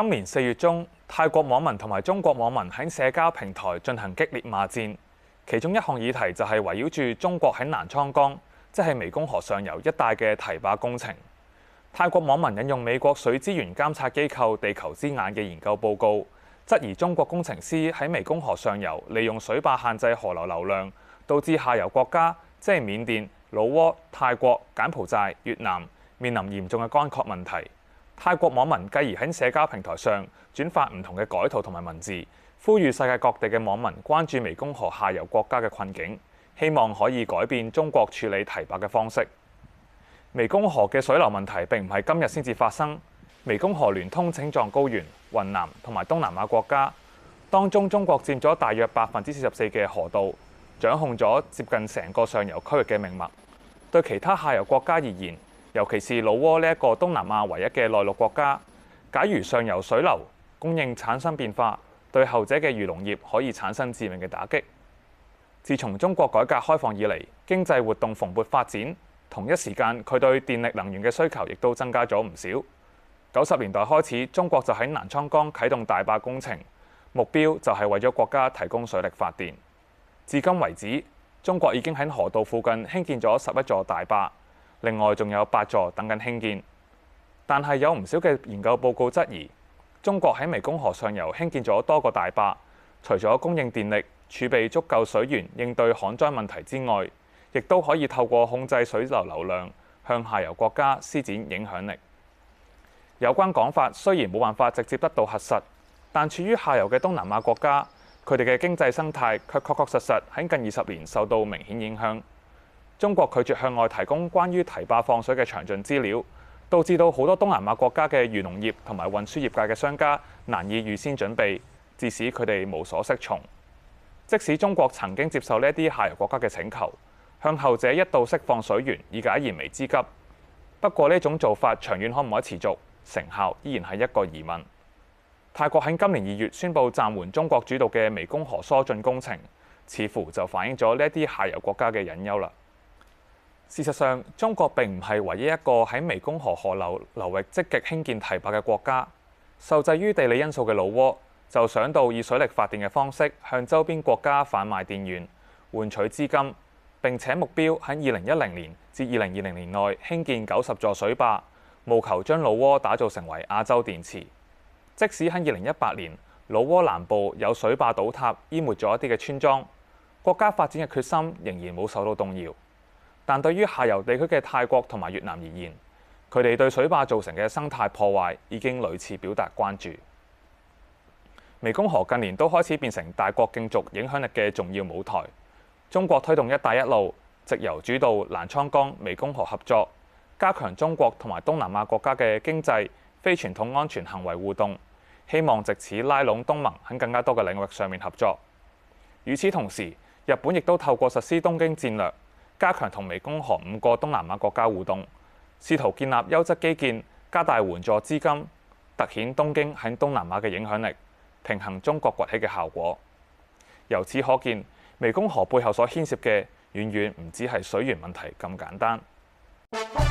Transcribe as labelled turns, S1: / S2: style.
S1: 今年四月中，泰國網民同埋中國網民喺社交平台進行激烈罵戰，其中一項議題就係圍繞住中國喺瀾滄江，即係湄公河上游一帶嘅堤壩工程。泰國網民引用美國水資源監察機構地球之眼嘅研究報告，質疑中國工程師喺湄公河上游利用水壩限制河流流量，導致下游國家，即係緬甸、老撾、泰國、柬埔寨、越南，面臨嚴重嘅乾涸問題。泰國網民繼而喺社交平台上轉發唔同嘅改圖同埋文字，呼籲世界各地嘅網民關注湄公河下游國家嘅困境，希望可以改變中國處理堤壩嘅方式。湄公河嘅水流問題並唔係今日先至發生。湄公河聯通青藏高原、雲南同埋東南亞國家，當中中國佔咗大約百分之四十四嘅河道，掌控咗接近成個上游區域嘅命脈，對其他下游國家而言，尤其是老撾呢一個東南亞唯一嘅內陸國家，假如上游水流供應產生變化，對後者嘅漁農業可以產生致命嘅打擊。自從中國改革開放以嚟，經濟活動蓬勃發展，同一時間，佢對電力能源嘅需求亦都增加咗唔少。九十年代開始，中國就喺瀾滄江啟動大壩工程，目標就係為咗國家提供水力發電。至今為止，中國已經喺河道附近興建咗十一座大壩。另外仲有八座等緊興建，但係有唔少嘅研究報告質疑，中國喺湄公河上游興建咗多個大壩，除咗供應電力、儲備足夠水源應對旱災問題之外，亦都可以透過控制水流流量向下游國家施展影響力。有關講法雖然冇辦法直接得到核實，但處於下游嘅東南亞國家，佢哋嘅經濟生態卻確確，確確實實喺近二十年受到明顯影響。中國拒絕向外提供關於堤壩放水嘅詳盡資料，導致到好多東南亞國家嘅漁農業同埋運輸業界嘅商家難以預先準備，致使佢哋無所適從。即使中國曾經接受呢一啲下游國家嘅請求，向後者一度釋放水源以解燃眉之急，不過呢種做法長遠可唔可以持續，成效依然係一個疑問。泰國喺今年二月宣布暫緩中國主導嘅湄公河疏浚工程，似乎就反映咗呢一啲下游國家嘅隱憂啦。事實上，中國並唔係唯一一個喺湄公河河流流域積極興建堤壩嘅國家。受制於地理因素嘅老撾，就想到以水力發電嘅方式向周邊國家販賣電源，換取資金。並且目標喺二零一零年至二零二零年內興建九十座水壩，務求將老撾打造成為亞洲電池。即使喺二零一八年，老撾南部有水壩倒塌淹沒咗一啲嘅村莊，國家發展嘅決心仍然冇受到動搖。但對於下游地區嘅泰國同埋越南而言，佢哋對水壩造成嘅生態破壞已經屢次表達關注。湄公河近年都開始變成大國競逐影響力嘅重要舞台。中國推動一帶一路，藉由主導瀾滄江、湄公河合作，加強中國同埋東南亞國家嘅經濟、非傳統安全行為互動，希望藉此拉攏東盟喺更加多嘅領域上面合作。與此同時，日本亦都透過實施東京戰略。加強同湄公河五個東南亞國家互動，試圖建立優質基建，加大援助資金，突顯東京喺東南亞嘅影響力，平衡中國崛起嘅效果。由此可見，湄公河背後所牽涉嘅，遠遠唔止係水源問題咁簡單。